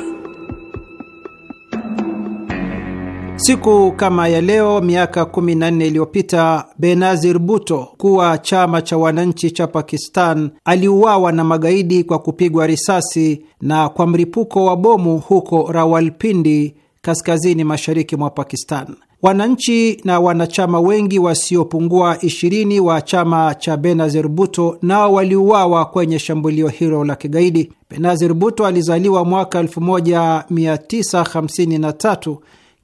Siku kama ya leo miaka 14 iliyopita Benazir Bhutto, mkuu wa chama cha wananchi cha Pakistan, aliuawa na magaidi kwa kupigwa risasi na kwa mlipuko wa bomu huko Rawalpindi, kaskazini mashariki mwa Pakistan. Wananchi na wanachama wengi wasiopungua ishirini wa chama cha Benazir Bhutto nao waliuawa kwenye shambulio hilo la kigaidi. Benazir Bhutto alizaliwa mwaka 1953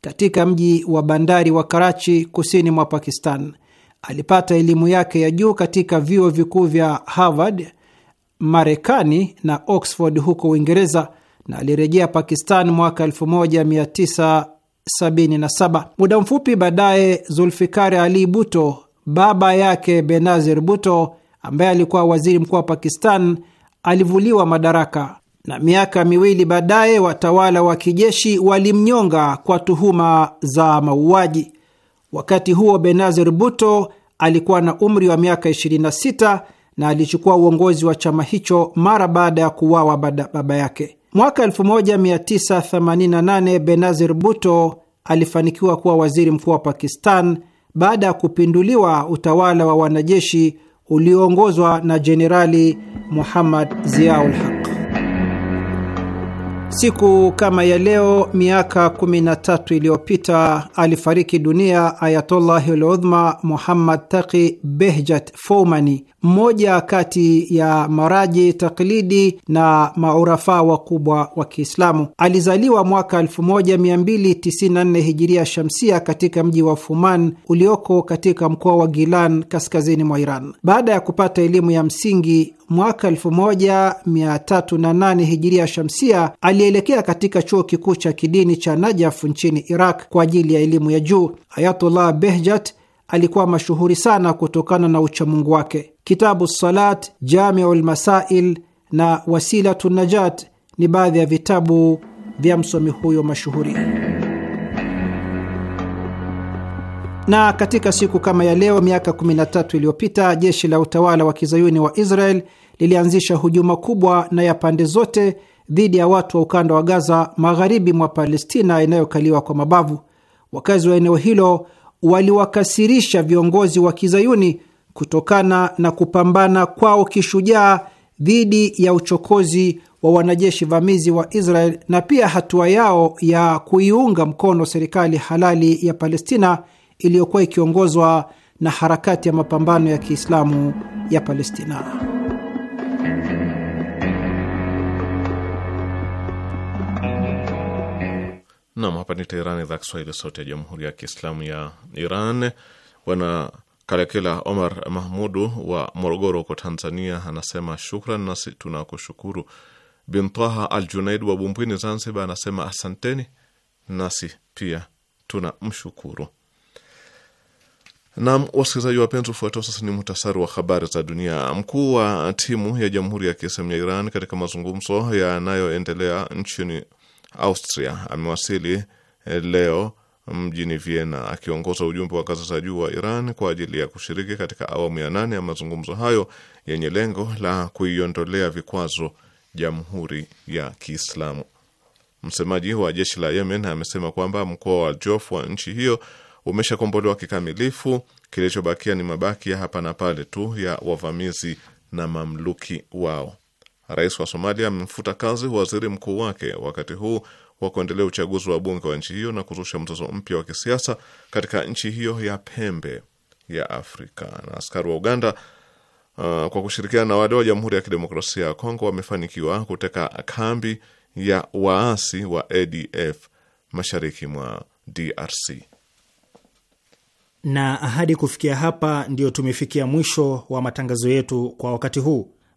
katika mji wa bandari wa Karachi, kusini mwa Pakistan. Alipata elimu yake ya juu katika vyuo vikuu vya Harvard Marekani na Oxford huko Uingereza na alirejea Pakistan mwaka 1977. Muda mfupi baadaye, Zulfikari Ali buto baba yake Benazir buto ambaye alikuwa waziri mkuu wa Pakistan, alivuliwa madaraka na miaka miwili baadaye watawala wa kijeshi walimnyonga kwa tuhuma za mauaji. Wakati huo Benazir Buto alikuwa na umri wa miaka 26 na alichukua uongozi wa chama hicho mara baada ya kuuawa baba yake. Mwaka 1988 Benazir Buto alifanikiwa kuwa waziri mkuu wa Pakistan baada ya kupinduliwa utawala wa wanajeshi ulioongozwa na Jenerali Muhammad Ziaul Haq. Siku kama ya leo miaka 13 iliyopita alifariki dunia Ayatollahi Ludhma Muhammad Taqi Behjat Foumani, mmoja kati ya maraji taklidi na maurafaa wakubwa wa Kiislamu. Alizaliwa mwaka 1294 hijiria shamsia katika mji wa Fuman ulioko katika mkoa wa Gilan kaskazini mwa Iran. Baada ya kupata elimu ya msingi mwaka 1308 hijiria shamsia alielekea katika chuo kikuu cha kidini cha Najaf nchini Iraq kwa ajili ya elimu ya juu. Ayatullah Behjat alikuwa mashuhuri sana kutokana na uchamungu wake. Kitabu Salat, Jamiu Lmasail na Wasilatu Najat ni baadhi ya vitabu vya msomi huyo mashuhuri. Na katika siku kama ya leo miaka 13 iliyopita jeshi la utawala wa kizayuni wa Israel lilianzisha hujuma kubwa na ya pande zote dhidi ya watu wa ukanda wa Gaza magharibi mwa Palestina inayokaliwa kwa mabavu. Wakazi wa eneo hilo waliwakasirisha viongozi wa kizayuni kutokana na kupambana kwao kishujaa dhidi ya uchokozi wa wanajeshi vamizi wa Israel na pia hatua yao ya kuiunga mkono serikali halali ya Palestina iliyokuwa ikiongozwa na harakati ya mapambano ya Kiislamu ya Palestina.
Nam, hapa ni Teherani, idhaa Kiswahili, sauti ya jamhuri ya kiislamu ya Iran. Bwana Kalekela Omar Mahmudu wa Morogoro huko Tanzania anasema shukran, nasi tunakushukuru. Bintaha Al Junaid wa Bumbwini, Zanzibar, anasema asanteni, nasi pia tuna mshukuru. Nam, wasikilizaji wapenzi, ufuatao sasa ni muhtasari wa habari za dunia. Mkuu wa timu ya jamhuri ya kiislamu ya Iran katika mazungumzo yanayoendelea nchini Austria amewasili eh, leo mm, mjini Vienna akiongoza ujumbe wa ngazi za juu wa Iran kwa ajili ya kushiriki katika awamu ya nane ya mazungumzo hayo yenye lengo la kuiondolea vikwazo jamhuri ya Kiislamu. Msemaji wa jeshi la Yemen amesema kwamba mkoa wa Jof wa nchi hiyo umeshakombolewa kikamilifu. Kilichobakia ni mabaki ya hapa na pale tu ya wavamizi na mamluki wao. Rais wa Somalia amemfuta kazi waziri mkuu wake wakati huu wa kuendelea uchaguzi wa bunge wa nchi hiyo na kuzusha mzozo mpya wa kisiasa katika nchi hiyo ya pembe ya Afrika. Na askari wa Uganda uh, kwa kushirikiana na wale wa Jamhuri ya Kidemokrasia ya Kongo wamefanikiwa kuteka kambi ya waasi wa ADF mashariki mwa DRC.
Na hadi kufikia hapa, ndio tumefikia mwisho wa matangazo yetu kwa wakati huu.